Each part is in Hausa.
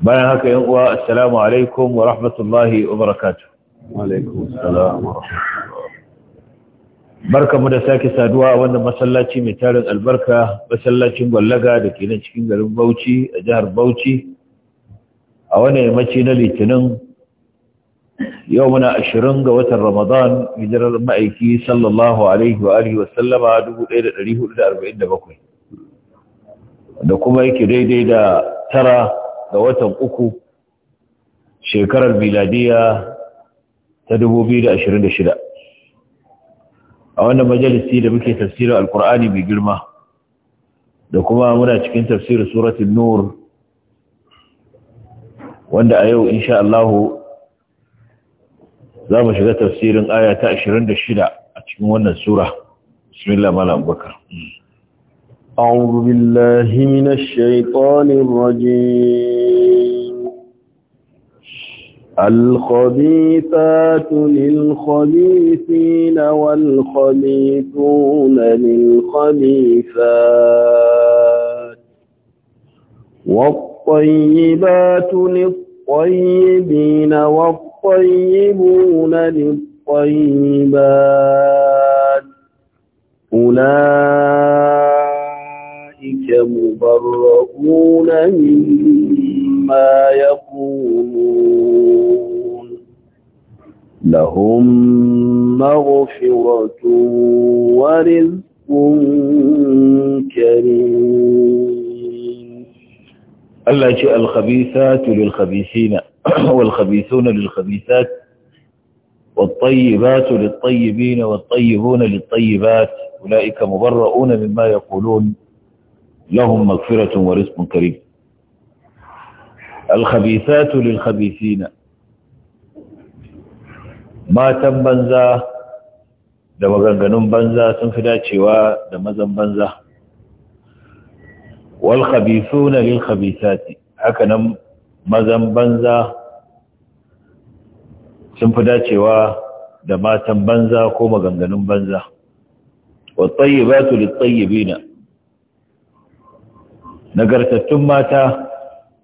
bayan haka yin uwa assalamu alaikum wa rahmatullahi wa barakatuh barkamu da sake saduwa a wannan masallaci mai tarin albarka masallacin gwallaga da ke nan cikin garin bauchi a jihar bauchi a wannan yammaci na litinin yau muna ashirin ga watan ramadan hijirar ma'aiki sallallahu alaihi wa alihi wasallama 1447 da kuma yake daidai da tara ga watan uku shekarar miladiya ta 2026 a wannan majalisi da muke tafsirin alkur'ani mai girma da kuma muna cikin tafsirin suratun nur wanda a yau insha Allah za mu shiga tafsirin aya ta 26 a cikin wannan sura bismillah malam bakar أعوذ بالله من الشيطان الرجيم الخبيثات للخبيثين والخبيثون للخبيثات والطيبات للطيبين والطيبون للطيبات أولئك أولئك مبرؤون مما يقولون لهم مغفرة ورزق كريم التي الخبيثات للخبيثين والخبيثون للخبيثات والطيبات للطيبين والطيبون للطيبات أولئك مبرؤون مما يقولون لهم مغفرة ورزق كريم الخبيثات للخبيثين ما تم بنزا da maganganun banza sun fi dacewa da mazan banza wal khabithuna lil khabithati haka nan mazan banza sun fi dacewa da matan banza ko maganganun banza wa tayyibatu lit tayyibina nagartattun mata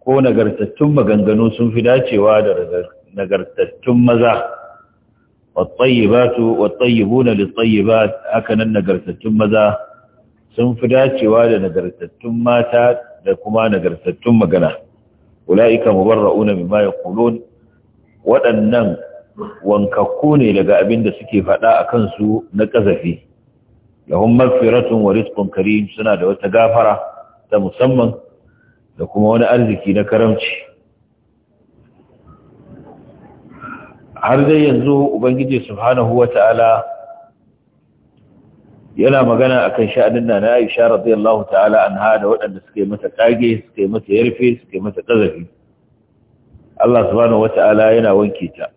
ko nagartattun maganganu sun fi dacewa da nagartattun maza wattayyibatu wattayyibuna littayyibat hakanan nagartattun maza sun fi dacewa da nagartattun mata da kuma nagartattun magana ula'ika mubarra'una mimma yaqulun waɗannan wankakku ne daga abin da suke faɗa a kansu na ƙazafi lahum maghfiratun wa rizqun karim suna da wata gafara ta musamman da kuma wani arziki na karamci har zai yanzu ubangiji subhanahu wata'ala yana magana a kan sha'anin na Aisha radiyallahu ta'ala anha da waɗanda suke mata kage suke mata yarfe suke mata ƙazafi. Allah subhanahu wata'ala yana wanke ta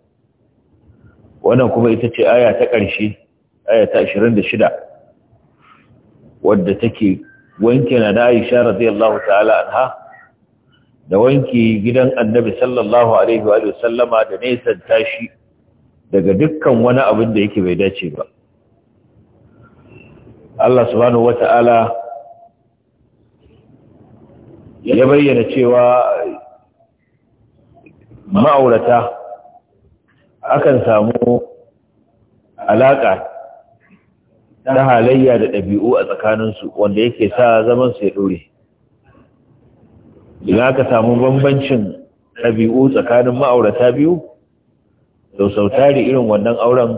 wannan kuma ita ce aya ta ƙarshe aya ta 26 wadda take wanke na na Aisha radiyallahu ta'ala anha da wanke gidan Annabi sallallahu alaihi wa sallama da nesan tashi daga dukkan wani abin da yake bai dace ba Allah subhanahu wata'ala ya bayyana cewa ma'aurata akan samu alaƙa na halayya da ɗabi'u a tsakaninsu wanda yake sa zaman su ya ɗore idan ka samu bambancin ɗabi'u tsakanin ma'aurata biyu to sau tari irin wannan auren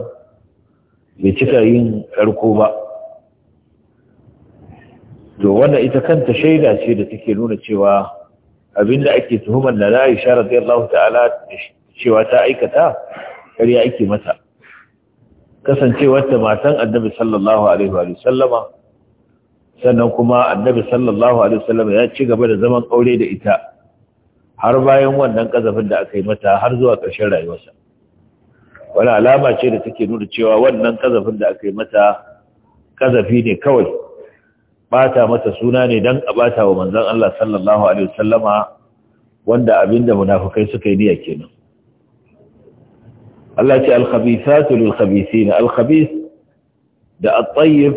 bai cika yin ƙarko ba to wannan ita kanta shaida ce da take nuna cewa abinda ake tuhumar da na shara da Allah ta'ala cewa ta aikata ƙarya ake mata kasancewarta matan annabi sallallahu alaihi wa sallama sannan kuma annabi sallallahu alaihi wa sallama ya ci gaba da zaman aure da ita har bayan wannan kazafin da aka yi mata har zuwa ƙarshen rayuwarsa wani alama ce da take nuna cewa wannan kazafin da aka yi mata kazafi ne kawai bata mata suna ne don a bata wa manzan Allah sallallahu Alaihi wa sallama wanda abinda munafukai suka yi niyya kenan التي الخبيثات للخبيثين الخبيث ده الطيب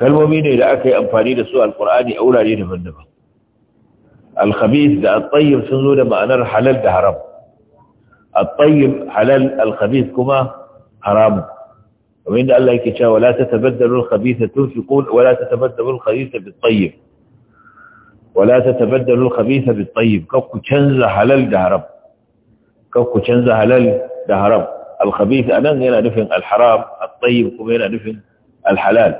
كالمؤمنين إذا أكي أنفاني لسوء القرآن أولى لي نفنبه الخبيث ده الطيب سنزول ما أنا الحلال ده حرام الطيب حلال الخبيث كما حرام ومن الله يكتشى ولا تتبدل الخبيث تنفقون ولا تتبدل الخبيث بالطيب ولا تتبدل الخبيث بالطيب كوكو تنزى حلال ده حرام kan ku canza halal da haram al anan yana nufin alharam haram at-tayyib kuma yana nufin alhalal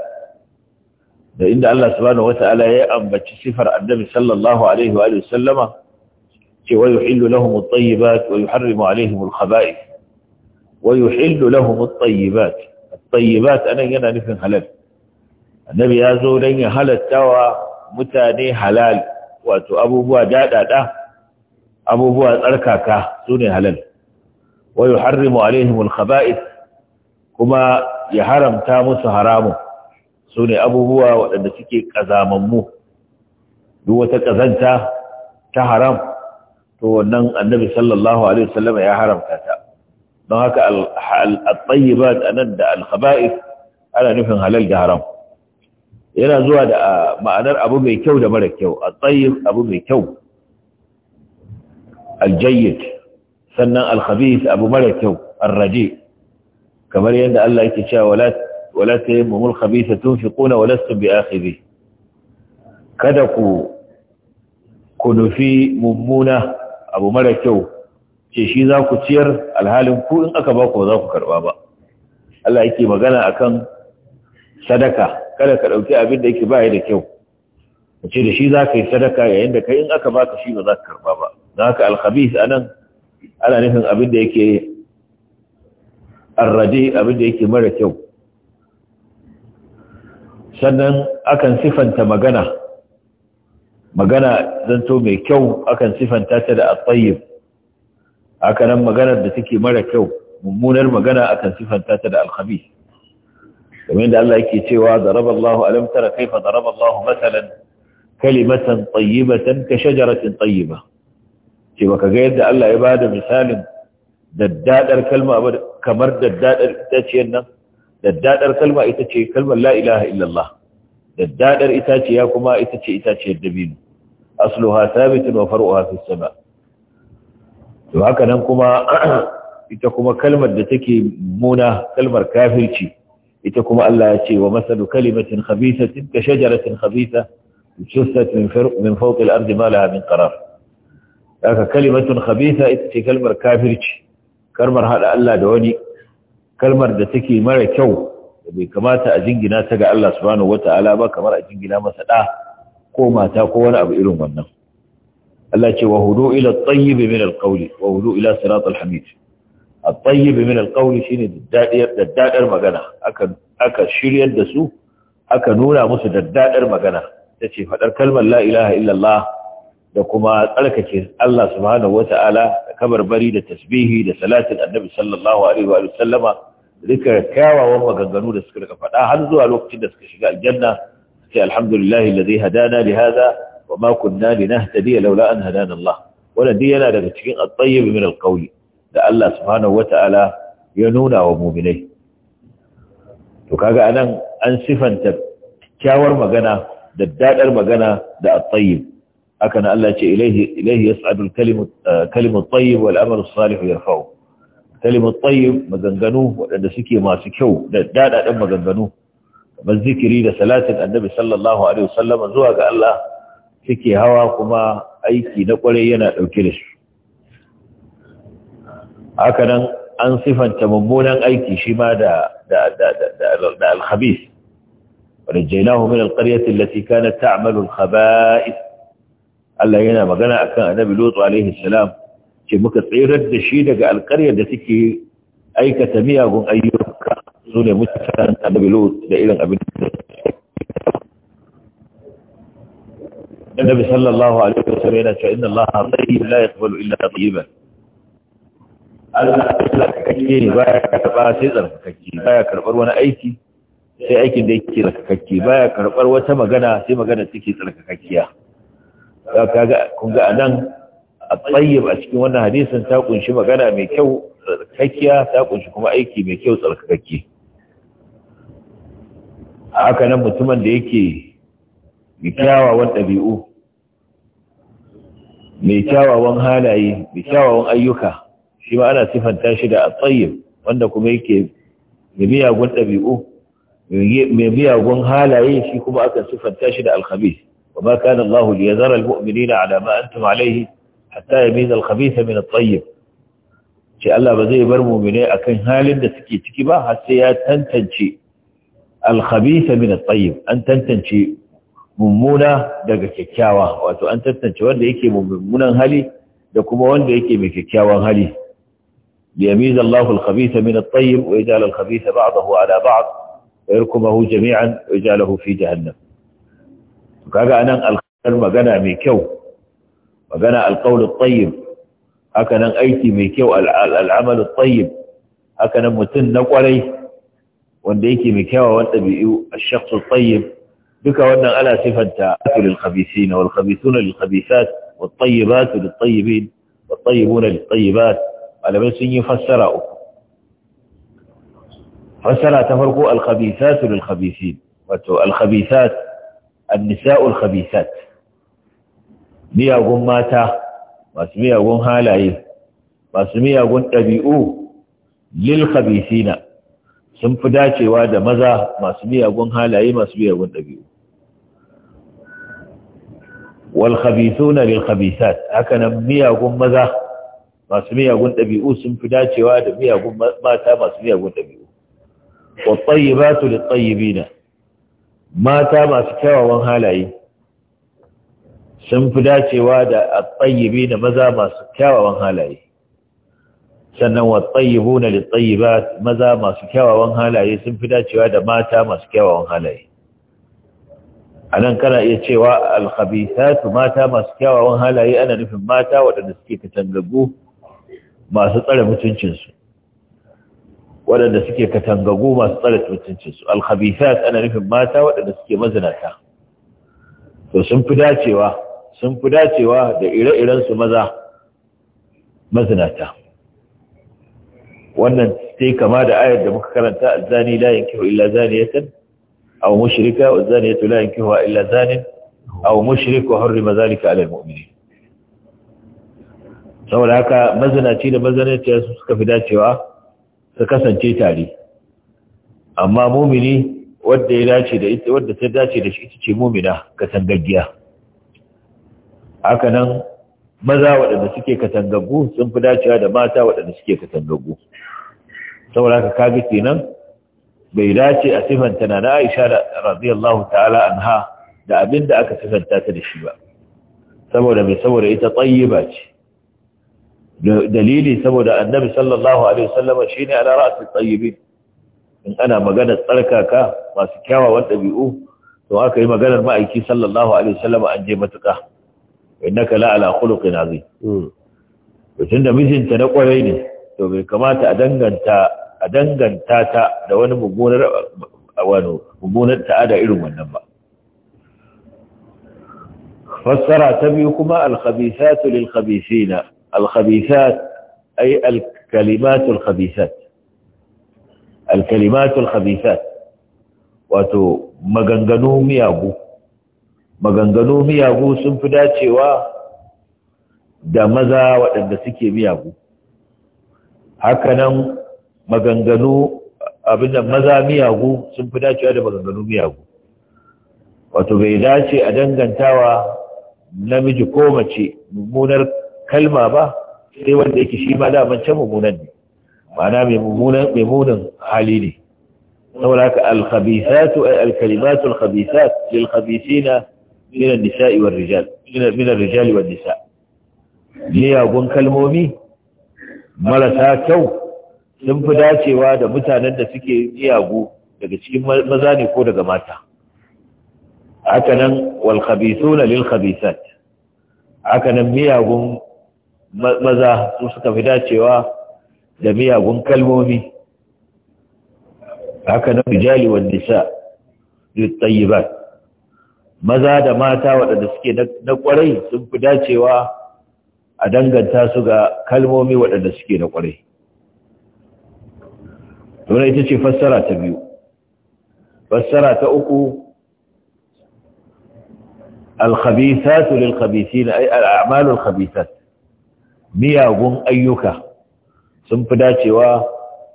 da inda Allah subhanahu wata'ala ya ambaci sifar annabi sallallahu alaihi wa sallama ce wa yuhillu lahum at-tayyibat wa yuharrimu alaihim al-khaba'ith wa yuhillu lahum at-tayyibat at-tayyibat anan yana nufin halal annabi ya zo dan ya halattawa mutane halal wato abubuwa dadada abubuwa tsarkaka su ne halal wa yuharrimu alaihim alkhaba'ith kuma ya haramta musu haramun su ne abubuwa waɗanda suke ƙazamammu duk wata ƙazanta ta haram to wannan annabi sallallahu alaihi wasallam ya haramta ta don haka al-tayyibat anan da al-khaba'ith ana nufin halal da haram yana zuwa da ma'anar abu mai kyau da mara kyau al-tayyib abu mai kyau aljayyid sannan alkhabith abu mara kyau arraje kamar yadda Allah yake cewa wala wala tayammumul khabitha tunfiquna walastum bi'akhidhi kada ku kunufi nufi mummuna abu mara kyau ce shi za ku ciyar alhalin ku in aka ba ku za ku karba ba Allah yake magana akan sadaka kada ka dauki abin da yake bai da kyau ce da shi za ka yi sadaka yayin da kai in aka baka shi ba za ka karba ba don haka alhabis a nan ana nufin abin da yake arrade abin da yake mara kyau sannan akan sifanta magana magana zanto mai kyau akan sifanta ta da atsayyib haka nan maganar da take mara kyau mummunar magana akan sifanta ta da alhabis kamar da Allah yake cewa daraballahu alam tara kaifa daraballahu masalan kalimatan tayyibatan ka shajaratin ba. ce baka ga yadda Allah ya bada misalin daddadar kalma kamar daddadar itaciyar nan daddadar kalma ita ce kalmar la ilaha illallah daddadar itaciya kuma ita ce itaciyar dabino asluha thabitun wa far'uha fis sama to haka nan kuma ita kuma kalmar da take muna kalmar kafirci ita kuma Allah ya ce wa masalu kalimatin khabisatin ka shajaratin khabisa tusassat min fawqi al-ardi ma laha min qarar daga kalimatun khabitha ita ce kalmar kafirci kalmar hada Allah da wani kalmar da take mara kyau da bai kamata a jingina ta ga Allah subhanahu wata'ala ba kamar a jingina masa da ko mata ko wani abu irin wannan Allah ce wa hudu ila at-tayyib min al-qawl wa hudu ila sirat al-hamid at-tayyib min al-qawl shine daddadar daddadar magana aka aka shiryar da su aka nuna musu daddadar magana tace fadar kalmar la ilaha illallah da kuma tsarkake Allah subhanahu wata'ala da kabarbari da tasbihi da salatin annabi sallallahu alaihi wa sallama duka kyawawan maganganu da suka rika faɗa har zuwa lokacin da suka shiga aljanna sai alhamdulillahi alladhi hadana li hadha wa ma kunna linahtadiya laula an hadana Allah wannan dai yana daga cikin at-tayyib min al da Allah subhanahu wata'ala ya nuna wa mu'minai to kaga anan an sifanta kyawar magana da dadar magana da at-tayyib haka Allah ce ilaihi yas'adul kalimut eh, tayyib wal amalu salih yarfa'u kalimut tayyib maganganu waɗanda suke masu kyau da dadadan maganganu kamar zikiri da salatin annabi sallallahu alaihi wasallam zuwa ga Allah suke hawa kuma aiki na kwarai yana dauke da shi Hakanan an sifanta mummunan aiki shi ma da da da da al-khabith ورجيناه من القرية التي كانت Allah yana magana akan annabi Lutu alaihi salam ce muka tsirar da shi daga alƙaryar da suke aikata miyagun ayyuka su ne mutanen annabi Lutu da irin abin da Annabi sallallahu alaihi النبي صلى الله عليه وسلم يقول فإن الله طيب لا يقبل إلا طيبا alkakakki baya karɓa sai tsarkakakki baya karɓar wani aiki sai aikin da yake tsarkakakki baya karɓar wata magana sai magana take tsarkakakkiya kun ga anan a tsayyib a cikin wannan hadisin ta kunshi magana mai kyau tsarkakkiya ta kunshi kuma aiki mai kyau tsarkakakke haka nan mutumin da yake mai kyawawan ɗabi'u mai kyawawan halaye mai kyawawan ayyuka shi ma ana sifanta shi da tsayyib wanda kuma yake mai miyagun ɗabi'u mai miyagun halaye shi kuma aka sifanta shi da alkhabis وما كان الله ليذر المؤمنين على ما أنتم عليه حتى يميز الخبيث من الطيب شاء الله بزي بر مؤمنين أكن هال ya تكبا حتى تنتنشي الخبيث من الطيب أن تنتنشي mummuna daga kyakkyawa wato an tantance wanda yake mummunan hali da kuma wanda yake mai kyakkyawan hali liyamiz Allahu al-khabitha min at-tayyib wa yaj'al al-khabitha ba'dahu ala jami'an wa jahannam kaga anan alƙawar magana mai kyau magana alƙawar tayyib haka nan aiki mai kyau al'amal tayyib haka nan mutun na ƙwarai wanda yake mai kyau kyawawan ɗabi'u a shaksu tayyib duka wannan ala sifanta lil khabithin wal khabithuna lil khabithat wat tayyibat lit tayyibin wat tayyibuna lit tayyibat alamai sun yi fassara uku fassara ta farko al khabithat lil khabithin wato al khabithat annisa'ul khabithat miyagun mata masu miyagun halaye masu miyagun ɗabi'u lil sun fi dacewa da maza masu miyagun halaye masu miyagun ɗabi'u haka nan miyagun maza masu miyagun ɗabi'u sun fi dacewa da miyagun mata masu miyagun ɗabi'u wa mata masu kyawawan halaye sun fi dacewa da a atsayibi da maza masu kyawawan halaye sannan wa da na ba, maza masu kyawawan halaye sun fi dacewa da mata masu kyawawan halaye a nan kana iya cewa alhabisatu mata masu kyawawan halaye ana nufin mata waɗanda suke katangagu masu tsare mutuncinsu waɗanda suke katangagu masu tsare mutuncinsu alhabithat ana nufin mata waɗanda suke mazinata to sun fi dacewa sun fi dacewa da ire-irensu maza mazinata wannan sai kama da ayar da muka karanta zani layin kihu illa zani zaniyatan aw mushrika wa tulayin kihu a illa zanin aw mashirika wa harrama mazalika ala almu'minin saboda haka mazinaci da mazinaciya suka fi dacewa su kasance tare amma mumini wadda ya dace da ita wadda ta dace da shi ita ce mumina katangaggiya haka nan maza waɗanda suke katangaggu sun fi dacewa da mata waɗanda suke katangaggu saboda haka kaga kenan bai dace a sifanta na Aisha da radiyallahu ta'ala anha da abinda aka sifanta ta da shi ba saboda mai saboda ita tsayyiba ce dalili saboda annabi sallallahu alaihi wasallam shine ala ra'si tayyibin in ana magana tsarkaka masu kyawawan dabi'u to aka yi maganar aiki sallallahu alaihi wasallam an je matuka innaka la ala khuluqin azim hmm. to tunda mijinta na kwarai ne to bai kamata a danganta a danganta ta da wani mummunar wani mummunar ta'ada irin wannan ba fassara ta biyu kuma al-khabithatu lil-khabithina الخبيثات أي الكلمات الخبيثات الكلمات الخبيثات wato maganganu miyagu maganganu miyagu sun fi dacewa da maza waɗanda suke miyagu hakanan maganganu abinda maza miyagu sun fi dacewa da maganganu miyagu wato bai dace a dangantawa namiji ko mace mummunar kalma ba sai wanda yake shi ma daman can mummunan ne ma'ana mai mummunan hali ne saboda haka alkhabisatu ay alkalimatu alkhabisat lil khabisina min an-nisa'i war rijal min ar-rijali wan nisa miyagun kalmomi marasa kyau sun fi dacewa da mutanen da suke miyagu daga cikin maza ne ko daga mata nan wal khabisuna lil khabisat nan miyagun maza su suka fi dacewa da miyagun kalmomi haka na rijali wa nisa yutayyibat maza da mata waɗanda suke na ƙwarai sun fi dacewa a danganta su ga kalmomi waɗanda suke na kwarai Dole ita ce fassara ta biyu fassara ta uku al-khabi, lil lilkhabithina ay al alkhabithatu miyagun ayyuka sun fi dacewa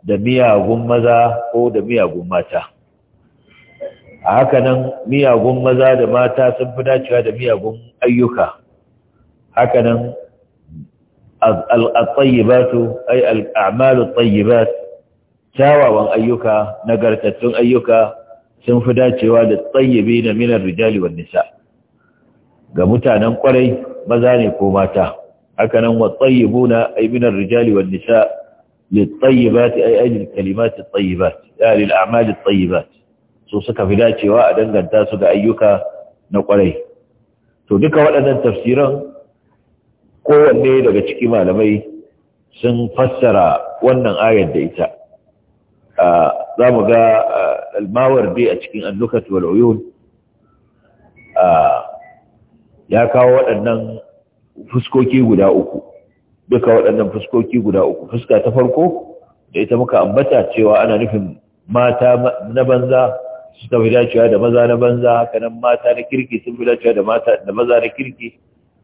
da miyagun maza ko da miyagun mata a hakanan miyagun maza da mata sun fi dacewa da miyagun ayyuka hakanan al-tayyibatu ay al-a'malu tayyibat kyawawan ayyuka nagartattun ayyuka sun fi dacewa da tsayyabi na minar rijali wa nisa ga mutanen kwarai maza ne ko mata haka nan wa tsayibuna ay min ar-rijali wa nisa lit-tayyibat ay ajli kalimat ya lil a'mal at so suka fi dacewa a danganta su ga ayyuka na kwarai to duka waɗannan tafsiran kowanne daga cikin malamai sun fassara wannan ayar da ita za mu ga almawar dai a cikin annukat wal uyun ya kawo waɗannan fuskoki guda uku duka waɗannan fuskoki guda uku fuska ta farko da ita muka ambata cewa ana nufin mata na banza su fi dacewa da maza na banza hakanan mata na kirki sun fi dacewa da mata da maza na kirki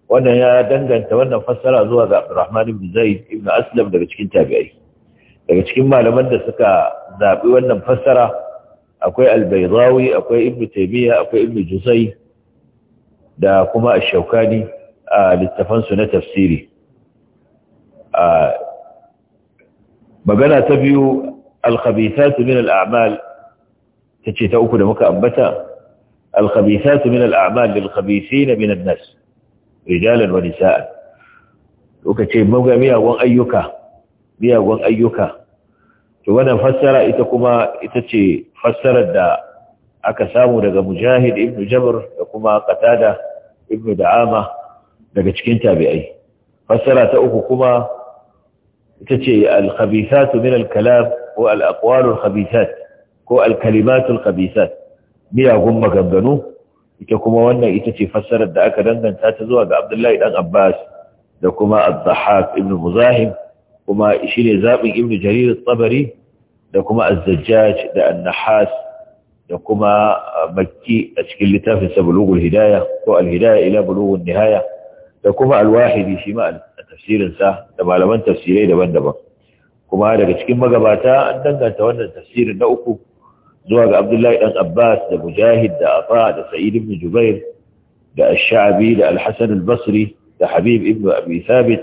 wannan ya danganta wannan fassara zuwa ga Abdurrahman ibn Zaid ibn Aslam daga cikin tabi'ai daga cikin malaman da suka zabi wannan fassara akwai Al-Baydawi akwai Ibn Taymiyyah akwai Ibn Juzay da kuma Ash-Shawkani littafansu na tafsiri magana ta biyu alkhabithatu min al'amal ce ta uku da muka ambata alkhabithatu min al'amal lil min an rijalan wa nisaan lokace ce miyagun ayyuka miyagun ayyuka to wannan fassara ita kuma ita ce fassarar da aka samu daga mujahid ibnu jabr da kuma qatada ibnu da'ama daga cikin tabi'ai fassara ta uku kuma ita ce al-khabithatu min al-kalam ko al-aqwalu al-khabithat ko al-kalimatu al-khabithat miyagun maganganu ita kuma wannan ita ce fassarar da aka danganta ta zuwa ga Abdullahi dan Abbas da kuma Az-Zahhab ibn Muzahim kuma shine zabin ibn Jarir al-Tabari da kuma Az-Zajjaj da An-Nahas da kuma Makki a cikin littafin bulugun Hidayah ko Al-Hidayah ila Bulughun Nihayah da kuma alwahidi shi ma a tafsirinsa da malaman tafsirai daban-daban kuma daga cikin magabata an danganta wannan tafsirin na uku zuwa ga abdullahi dan abbas da mujahid da afa da sa'id ibn jubair da ash-sha'bi da al-hasan al-basri da habib ibn abi thabit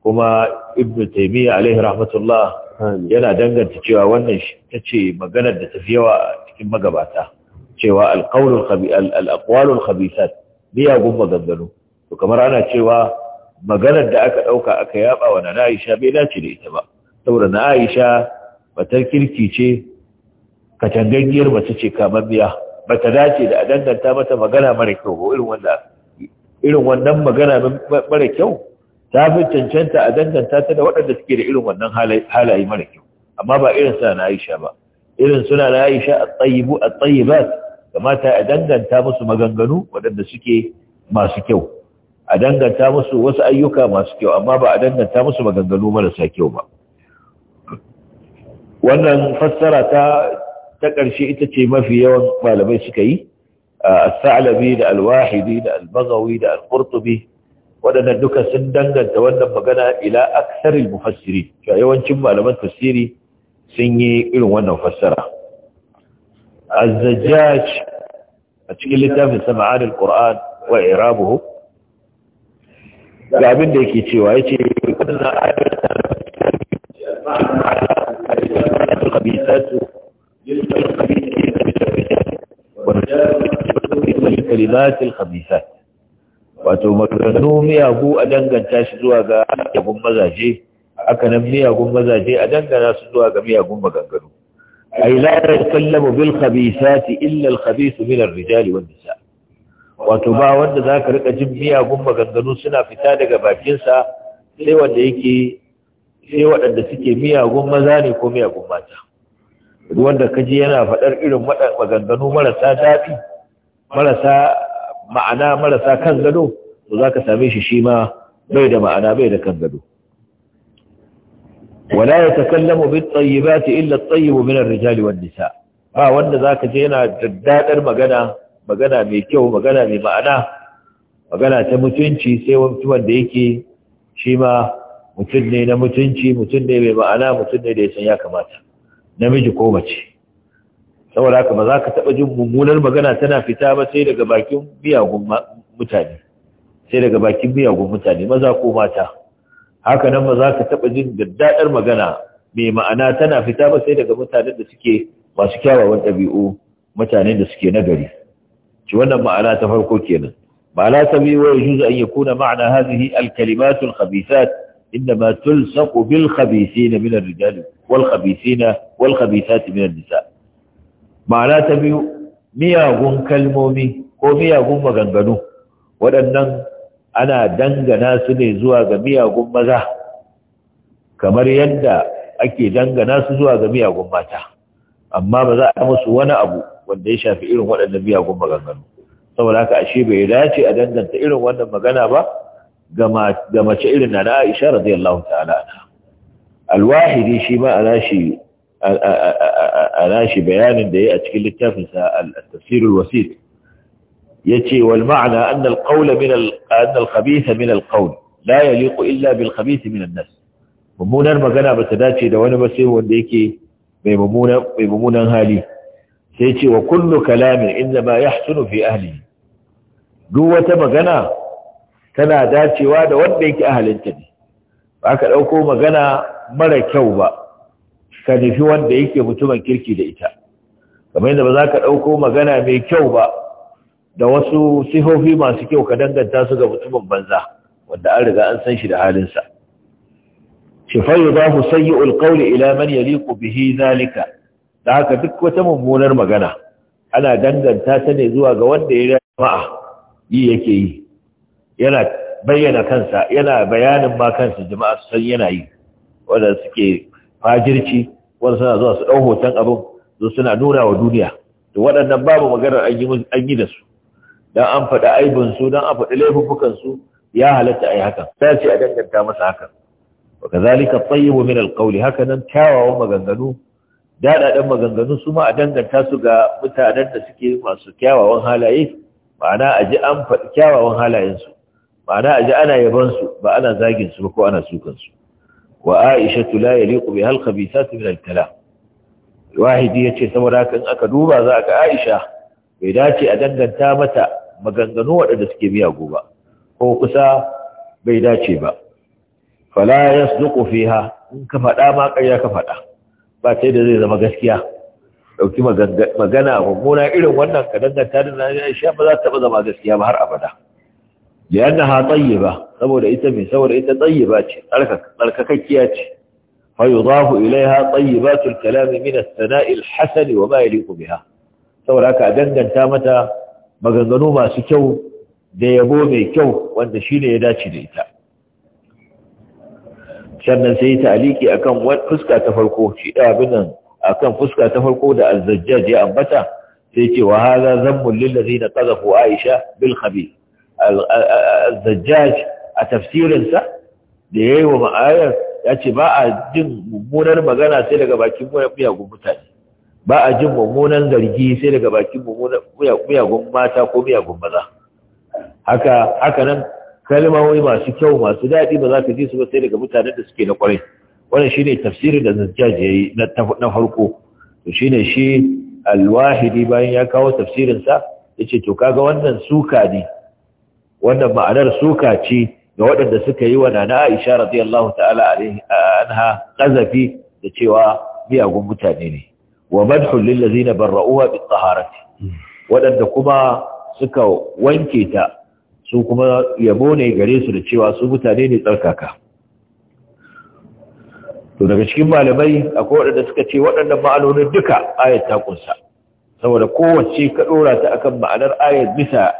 kuma ibn taymiya alaihi rahmatullah yana danganta cewa wannan tace maganar da tafi yawa cikin magabata cewa al-qawlu al-aqwalu al-khabithat biya gumma to kamar ana cewa maganar da aka ɗauka aka yaba wa na Aisha bai dace da ita ba saboda na Aisha batar kirki ce katangangiyar mace ce kamammiya ba ta dace da a danganta mata magana mara kyau ba irin wanda irin wannan magana mara kyau ta fi cancanta a danganta ta da waɗanda suke da irin wannan halaye mara kyau amma ba irin suna na Aisha ba irin suna na Aisha a tsayibu a tsayibat kamata a danganta musu maganganu waɗanda suke masu kyau a danganta musu wasu ayyuka masu kyau amma ba a danganta musu maganganu marasa kyau ba wannan fassara ta ta ƙarshe ita ce mafi yawan malamai suka yi as-sa'labi da al da al-baghawi da al-qurtubi waɗannan duka sun danganta wannan magana ila aksaril mufassiri yawancin malaman tafsiri sun yi irin wannan fassara az a cikin littafin sama'an al-qur'an wa irabuhu ga abin da yake cewa ya ce wannan ayata wato makarannu miyagu a danganta shi zuwa ga miyagun mazaje aka nan miyagun mazaje a dangana su zuwa ga miyagun maganganu ai la yakallamu bil khabithati illa al khabithu min rijali wanda wato ba wanda za ka rika jin miyagun maganganu suna fita daga bakinsa sai wanda yake sai waɗanda suke miyagun maza ne ko miyagun mata wanda ka ji yana faɗar irin maganganu marasa daɗi marasa ma'ana marasa kan gado to za ka same shi shi ma bai da ma'ana bai da kan gado wala ya takallamu bi tsayyibati illa tsayyibu min ar-rijali wan nisa ba wanda zaka je yana daddadar magana magana mai kyau magana mai ma'ana magana ta mutunci sai wani wanda yake shi ma mutum ne na mutunci mutum ne mai ma'ana mutum ne da ya san ya kamata namiji ko mace saboda haka ba za ka taɓa jin mummunar magana tana fita ba sai daga bakin miyagun mutane sai daga bakin miyagun mutane maza ko mata haka nan ba za ka taɓa jin daddaɗar magana mai ma'ana tana fita ba sai daga mutanen da suke masu kyawawan ɗabi'u mutanen da suke nagari shi wannan ma'ana ta farko kenan ma'ana ta biyu wa yajuzu an yakuna ma'ana hadhihi al-kalimat al-khabithat إنما تلصق Wal من الرجال والخبيثين والخبيثات من النساء معنى miyagun kalmomi ko miyagun maganganu. waɗannan ana dangana su ne zuwa ga miyagun maza kamar yadda ake dangana su zuwa ga miyagun mata amma ba za a musu wani abu wanda ya shafi irin waɗannan miyagun maganganu saboda haka ashe bai dace a danganta irin wannan magana ba ga mace irin na na Aisha radiyallahu ta'ala anha alwahidi shi ma anashi bayanin da ya a cikin littafinsa sa al-tafsir al yace wal ma'ana anna al min anna al-khabith min al-qawl la yaliqu illa bil khabith min an-nas mummunar magana ba ta dace da wani ba sai wanda yake mai mummunan hali sai ce wa kullu kalamin inda ma yahsunu fi ahli duk wata magana tana dacewa da wanda yake ahalinta ne ba ka ɗauko magana mara kyau ba ka nufi wanda yake mutumin kirki da ita kamar yadda ba za ka ɗauko magana mai kyau ba da wasu sihofi masu kyau ka danganta su ga mutumin banza wanda an riga an san shi da halinsa Shifayu za ku sayi ulƙauli ila man yaliku bihi zalika da haka duk wata mummunar magana ana danganta ta ne zuwa ga wanda ya jama'a yi yake yi yana bayyana kansa yana bayanin ma kansa jama'a su san yana yi wanda suke fajirci wanda suna zuwa su ɗau hoton abin su suna nuna wa duniya to waɗannan babu maganar an yi da su don an faɗi su don an faɗi su ya halatta a yi hakan ta ce a danganta masa hakan wa kazalika tayyibu min alqawli haka nan kyawawan maganganu daɗaɗen maganganu su ma a danganta su ga mutanen da suke masu kyawawan halaye ma'ana a ji an faɗi kyawawan halayensu ma'ana a ji ana yabansu ba ana zaginsu ba ko ana sukansu wa aisha tula ya liƙo bai halka bi sa su wahidi ya ce saboda haka in aka duba za ka aisha bai dace a danganta mata maganganu waɗanda suke miyagu ba ko kusa bai dace ba fala ya fiha in ka faɗa ma ƙarya ka faɗa ba sai da zai zama gaskiya dauki magana mummuna irin wannan ka danganta da na Aisha ba za ta taba zama gaskiya ba har abada li'annaha tayyiba saboda ita mai saboda ita tayyiba ce tsarkakakkiya ce fa yudafu ilaiha tayyibatul kalam min as-sana'i hasan wa ma yaliqu biha saboda ka danganta mata maganganu masu kyau da yabo mai kyau wanda shine ya dace da ita sannan sai ta aliki akan fuska ta farko shi abin nan akan fuska ta farko da azzajjaj ya ambata sai ce wa hadha zammul lil ladina qadhafu aisha bil al azzajjaj a tafsirin sa da yayi wa ma'ayar ce ba a jin mummunar magana sai daga bakin buya mutane ba a jin mummunan zargi sai daga bakin buya mata ko muyagun maza haka haka nan kalmomi masu kyau masu daɗi ba za ka ji su ba sai daga mutanen da suke na ƙwarai. wannan shine tafsirin da ya yi na farko to shine shi alwahidi bayan ya kawo tafsirin sa yace to kaga wannan suka ne wannan ma'anar suka ce ga waɗanda suka yi wa nana Aisha radiyallahu ta'ala anha qazafi da cewa miyagun mutane ne wa madhul lil ladina barra'uha bit taharati hmm. waɗanda kuma suka wanke ta su kuma yabo ne gare su da cewa su mutane ne tsarkaka to daga cikin malamai akwai waɗanda suka ce waɗannan ma'anonin duka ayat ta kunsa saboda kowace ka ɗora ta akan ma'anar ayat bisa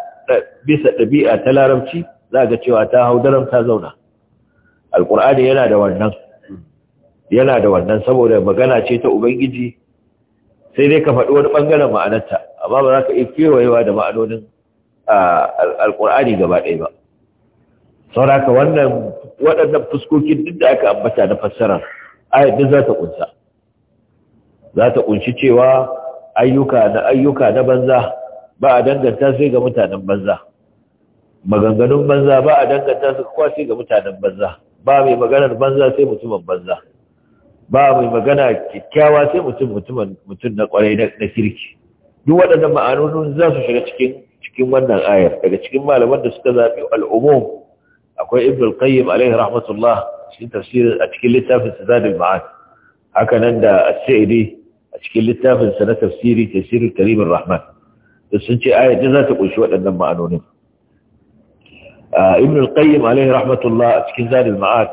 bisa ɗabi'a ta larabci za ga cewa ta hau daram ta zauna alƙur'ani yana da wannan yana da wannan saboda magana ce ta ubangiji sai dai ka faɗi wani ɓangaren ma'anarta amma ba za ka iya kewayewa da ma'anonin alƙur'ani gaba ɗaya ba sauraka wannan waɗannan fuskokin duk da aka ambata na fassarar ayyadin za ta ƙunsa za ta ƙunshi cewa ayyuka na ayyuka na banza ba a danganta sai ga mutanen banza maganganun banza ba a danganta su sai ga mutanen banza ba mai maganar banza sai mutumin banza ba mai magana kyakkyawa sai mutum mutum na kwarai na kirki duk waɗannan ma'anonin za su shiga cikin cikin wannan ayar daga cikin malaman da suka zaɓi al'umum akwai ibn al-qayyim alaihi rahmatullah cikin a cikin littafin sa ma'ad haka nan da saidi a cikin littafin sa na tafsiri tafsirul karimin rahman da sun ce ayar da za ta kunshi waɗannan ma'anonin ibn al-qayyim alaihi rahmatullah a cikin zadul ma'ad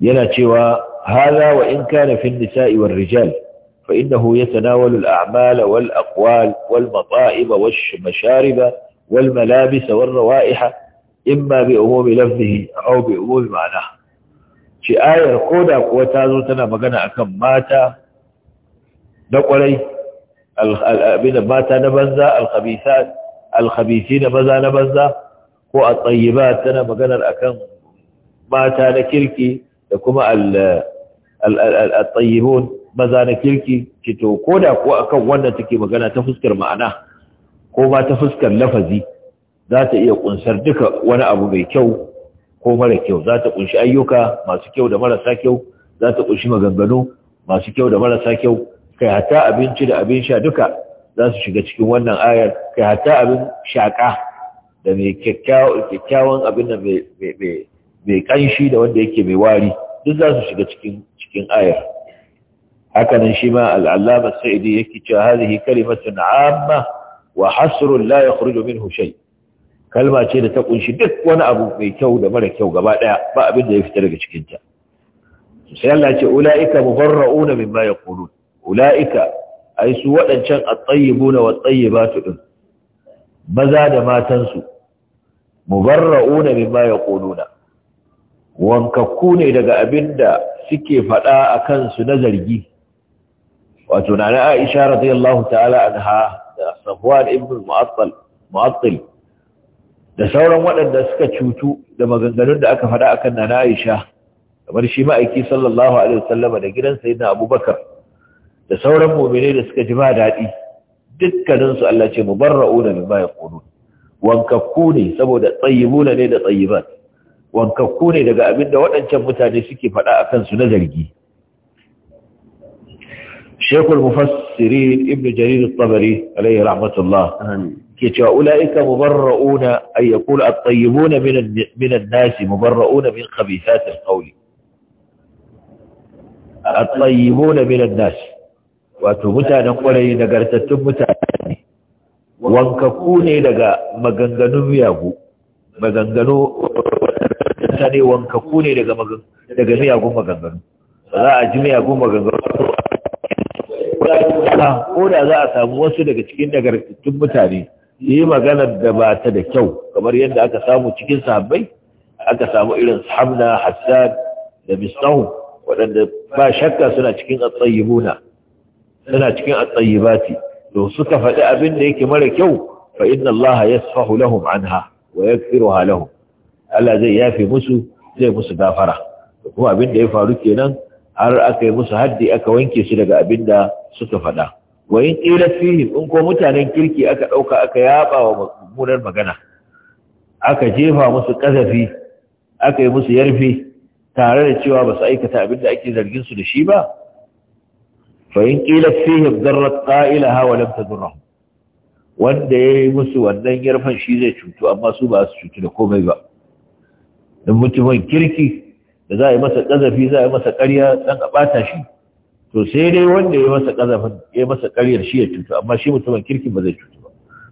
yana cewa hada wa in kana fi nisai war-rijal فإنه يتناول الأعمال والأقوال والمطائب والمشارب والملابس والروائح إما بأموم لفظه أو بأموم معناه في آية القودة وتازوتنا مغنى أكم ماتا نقولي ماتا نبنزا الخبيثات الخبيثين مزا نبنزا هو الطيبات تنا مغنى أكم ماتا نكركي لكما الطيبون maza na kirki ce to ko da ko akan wannan take magana ta fuskar ma'ana ko ma ta fuskar lafazi za ta iya kunsar duka wani abu mai kyau ko mara kyau za ta kunshi ayyuka masu kyau da marasa kyau za ta kunshi maganganu masu kyau da marasa kyau kai hatta abinci da abin sha duka za su shiga cikin wannan ayar kai hatta abin shaka da mai kyakkyawan abin da mai kanshi da wanda yake mai wari duk za su shiga cikin ayar haka nan shi ma al'allama sa'idi yake cewa hadhihi kalimatun amma wa hasrun la yakhruju minhu kalma ce da ta kunshi duk wani abu mai kyau da mara kyau gaba daya ba abin da ya fita daga cikin ta sai Allah ce ulaika mubarrauna mimma yaqulun ulaika ai su wadancan at-tayyibuna wat-tayyibatu ɗin? maza da matan su mubarrauna mimma yaquluna wankakku ne daga abin da suke faɗa a kansu na zargi wato na na aisha radiyallahu ta'ala anha da safwan ibn mu'attal mu'attal da sauran waɗanda suka cutu da maganganun da aka faɗa akan na aisha kamar shi ma'aiki sallallahu alaihi wasallama da gidan sayyidina abubakar da sauran muminai da suka ji ba daɗi dukkaninsu Allah ce mubarra'una mimma yaqulun wankakku ne saboda tsayibuna ne da tsayibat wankakku ne daga abin da waɗancan mutane suke faɗa akan su na zargi Sheikul Mufasirin Ibn Jariru Ṣabari, alayhi wa raxmatullah, kicewa ula isa mubarrauna ayyukuna aqqayyabona minan nasi mubarrauna min kabi satin hauri, aqqayyabona minan nasi, wato mutanen kula yin nagartattun mutanen Wanka ku ne daga maganganun yahu, magangano wanka ku ne daga miya hagu magangano, za'a ji miya hagu magangano. ko da za a samu wasu daga cikin nagartattun mutane yi maganar da ba ta da kyau kamar yadda aka samu cikin sahabbai aka samu irin hamna hassan da mistahu waɗanda ba shakka suna cikin atsayibuna suna cikin atsayibati to suka faɗi abin da yake mara kyau fa inna allaha yasfahu lahum anha wa yaghfiruha lahum Allah zai yafe musu zai musu gafara kuma abin da ya faru kenan har aka yi musu haddi aka wanke su daga abin da suka faɗa Wayin in ƙila in ko mutanen kirki aka ɗauka aka yaɓa wa mummunar magana aka jefa musu ƙazafi aka yi musu yarfe tare da cewa ba su aikata abin da ake zargin su da shi ba fa in ƙila fihim darrat hawa wa lam wanda ya yi musu wannan yarfan shi zai cutu amma su ba su cutu da komai ba in mutumin kirki da za a yi masa ƙazafi za a yi masa ƙarya ɗan a ɓata shi to sai dai wanda ya masa ƙazafin ya masa ƙaryar shi ya cutu amma shi mutumin kirki ba zai cutu ba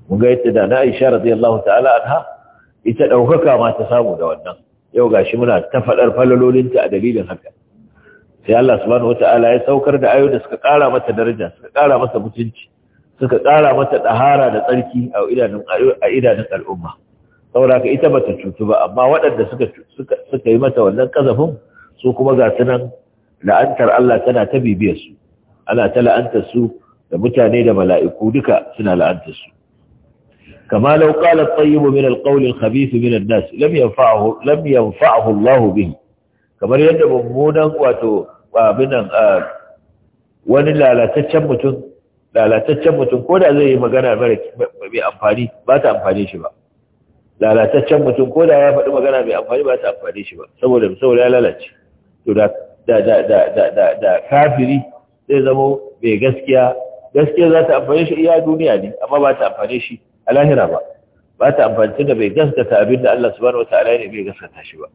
mun ga yadda da na Aisha radiyallahu ta'ala anha ita ɗaukaka ma ta samu da wannan yau gashi muna ta faɗar falalolinta a dalilin haka sai Allah subhanahu ya saukar da ayoyi da suka ƙara mata daraja suka ƙara mata mutunci suka ƙara mata ɗahara da tsarki a idanun al'umma saboda ka ita bata cutu ba amma waɗanda suka suka yi mata wannan kazafin su kuma ga sunan la'antar Allah tana ta bibiyar su ana ta la'antar su da mutane da mala'iku duka suna la'antar su kama law qala at-tayyib min al-qawl al-khabith min an-nas lam yanfa'ahu lam yanfa'ahu Allah bihi kamar yadda mummunan wato abinan wani lalataccen mutum lalataccen mutum ko da zai yi magana mara mai amfani ba ta amfani shi ba lalataccen mutum ko da ya faɗi magana mai amfani ba ta amfani shi ba saboda saboda ya lalace to da da da da da da kafiri zai zama mai gaskiya gaskiya za ta amfani shi iya duniya ne amma ba ta amfani shi a lahira ba ba ta amfani da bai gaskata abin da Allah subhanahu wataala ne bai gaskata shi ba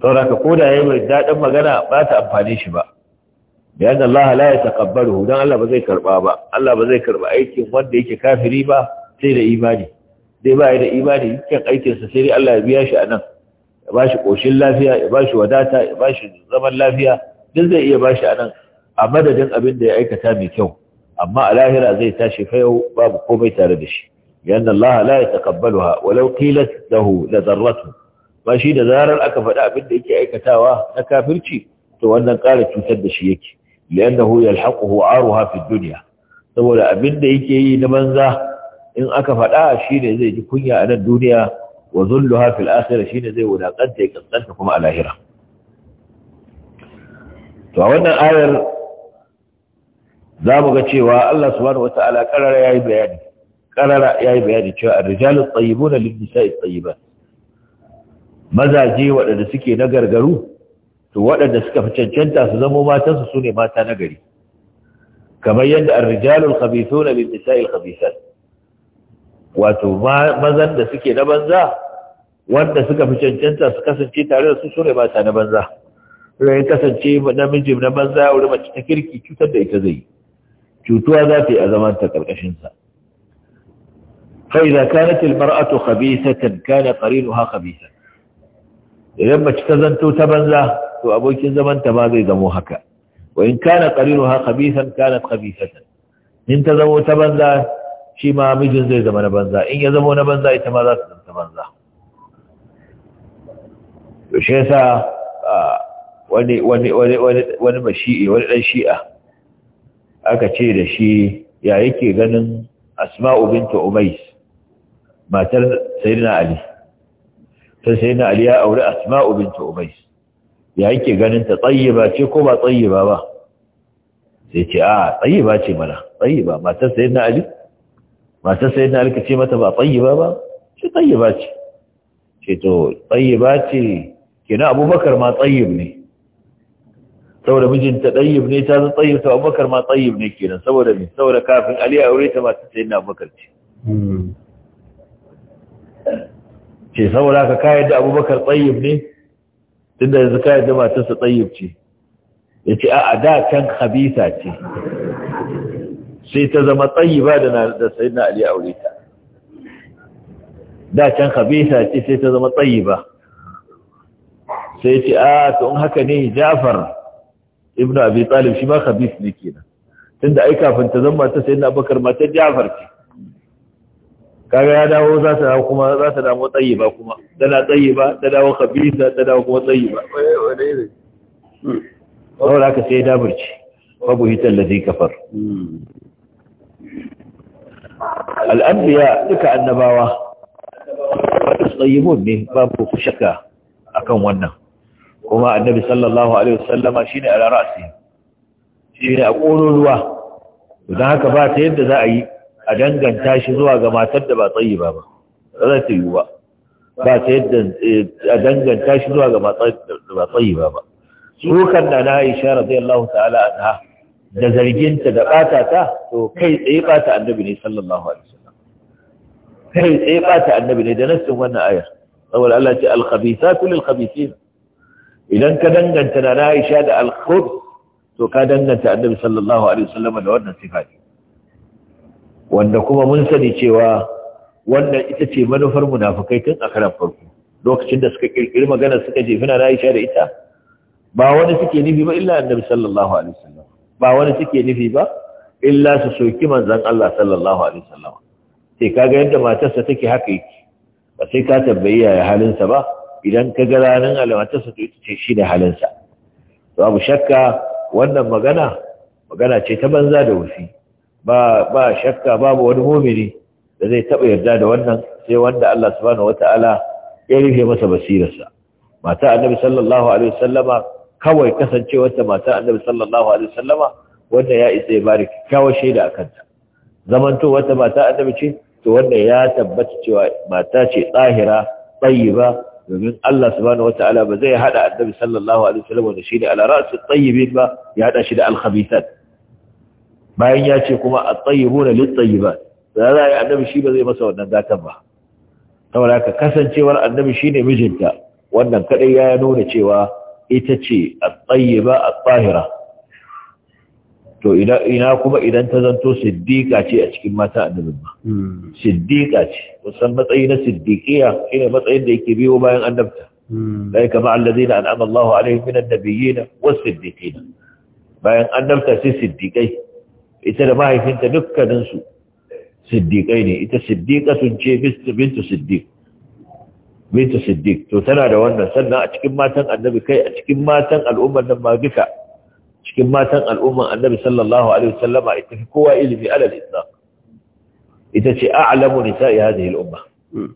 saboda ka da yayi mai dadin magana ba ta amfani shi ba bayan Allah la yataqabbalu dan Allah ba zai karba ba Allah ba zai karba aikin wanda yake kafiri ba sai da imani dai ba da imani kyan aikinsa sai dai Allah ya biya shi a nan ya ba shi ƙoshin lafiya ya ba shi wadata ya ba shi zaman lafiya duk zai iya ba shi a nan a madadin abin da ya aikata mai kyau amma a lahira zai tashi fayau babu komai tare da shi yan Allah la yataqabbaluha walau qilat lahu la darratu ba shi da zarar aka faɗa abin da yake aikatawa na kafirci to wannan ƙara cutar da shi yake li'annahu yalhaquhu aruha fi dunya saboda abin da yake yi na banza in aka faɗa shi ne zai ji kunya a nan duniya wa zulluha fil akhirah shi ne zai wadatsanta ya kankanta kuma a lahira to a wannan ayar za mu ga cewa Allah subhanahu wata'ala karara yi bayani karara yi bayani cewa a rijalu tsayibu na lin-nisa'i at mazaje waɗanda suke na gargaru to waɗanda suka fi cancanta su zamo matansu su ne mata na gari kamar yadda ar-rijalul khabithuna na nisai al-khabithat wato mazan da suke na banza wanda suka fi cancanta su kasance tare da su sune mata na banza sai kasance namiji na banza ya wuri mace ta kirki cutar da ita zai cutuwa za ta yi a zaman ta karkashin sa fa idza kanat al mar'atu khabithatan kana qarinuha khabithan idan mace ta zanto ta banza to abokin zamanta ma zai zamo haka wa in kana in ta zamo ta banza shi ma mijin zai zama na banza in ya zama na banza ita ma za su zama banza Yaushe shi yasa wani wani wani wani wani shi'a aka ce da shi ya yake ganin asma'u bintu umais matar sayyidina ali sai sayyidina ali ya aure asma'u bintu umais ya yake ganin ta tsayyiba ce ko ba tsayyiba ba sai ce a tsayyiba ce mana tsayyiba matar sayyidina ali matar sai na alka ce mata ba tayyiba ba ce tayyiba ce ce to tayyiba ce kenan abubakar ma tayyib ne saboda mijinta tayyib ne ta zai tayyib ta abubakar ma tayyib ne kenan saboda ne, saboda kafin ali aure ta mata sai na abubakar ce ce hmm. saboda ka kayar da abubakar tsayyib ne tun da yanzu kayar da matarsa tsayyib ce ya ce a da can habisa ce sai ta zama tsayiba da da sayyidina ali aure ta da can ce sai ta zama tsayiba sai ce a to in haka ne Jafar ibnu Abi Talib shi ma khabis ne kenan tunda da kafin ta zama ta sayyidina Abubakar ma ta Jafar ce kaga ya dawo za ta dawo kuma za ta dawo tsayiba kuma tana tsayiba ta dawo khabisa ta dawo kuma tsayiba ba. wai haka sai daburci babu hitar da zai kafar hmm. al'ambiya duka annabawa tsayyibun ne babu shakka akan wannan kuma annabi sallallahu alaihi wasallama shine al-ra'si shine a ƙoruruwa don haka ba ta yadda za a yi a danganta shi zuwa ga matar da ba tsayyiba ba ba. za ta yi ba ba ta yadda eh, a danganta shi zuwa ga matar da ba tsayyiba ba sukan da na Aisha radiyallahu ta'ala anha da zarginta da ɓata ta to kai tsaye ɓata annabi ne sallallahu alaihi wasallam kai tsaye ɓata annabi ne da nassin wannan ayar saboda Allah ce al-khabithatu lil-khabithin idan ka danganta da Aisha da al to ka danganta annabi sallallahu alaihi wasallam da wannan sifati wanda kuma mun sani cewa wannan ita ce manufar munafikai tun a karan farko lokacin da suka kirkiri magana suka jefi na Aisha da ita ba wani suke nufi ba illa annabi sallallahu alaihi wasallam ba wani suke nufi ba illa su soki manzan Allah sallallahu alaihi sai kaga yadda matarsa take haka yake ba sai ka tambayi yaya halinsa ba idan ka ga ranar almatarsa to ita ce shi da halinsa babu shakka wannan magana magana ce ta banza da wufi ba ba shakka babu wani mumini da zai taba yarda da wannan sai wanda Allah subhanahu ya rufe masa basirarsa mata annabi sallallahu alaihi wasallama kawai kasancewar ta matar annabi sallallahu alaihi wasallama wanda ya isa ya bari kyawar shaida a kanta Zaman zamanto wata mata annabi ce to wanda ya tabbata cewa mata ce tsahira tayyiba domin Allah subhanahu wataala ba zai hada annabi sallallahu alaihi wasallam da shi ne ala ra'si tayyibin ba ya hada shi da al-khabithat bayan ya ce kuma at-tayyibuna lit-tayyibat da za a yi annabi shi ba zai masa wannan gatan ba saboda haka kasancewar annabi shine mijinta wannan kadai ya nuna cewa ita ce at-tayyiba at-tahira to ina kuma idan ta zanto siddiqa ce a cikin mata annabin ba hmm. siddiqa ce musan matsayi na siddiqiya matsayin da yake biyo bayan annabta dai hmm. kama allazina an'ama Allahu alaihim minan nabiyyin was-siddiqin bayan annabta sai siddiqai ita da mahaifinta dukkanin su siddiqai ne ita siddiqatun ce bintu siddiq binta siddiq to tana da wannan sannan a cikin matan annabi kai a cikin matan al'ummar nan ma duka cikin matan al'ummar annabi sallallahu alaihi wasallama ita fi kowa ilimi alal islam ita ce a'lamu nisa'i hadhihi al'umma hmm.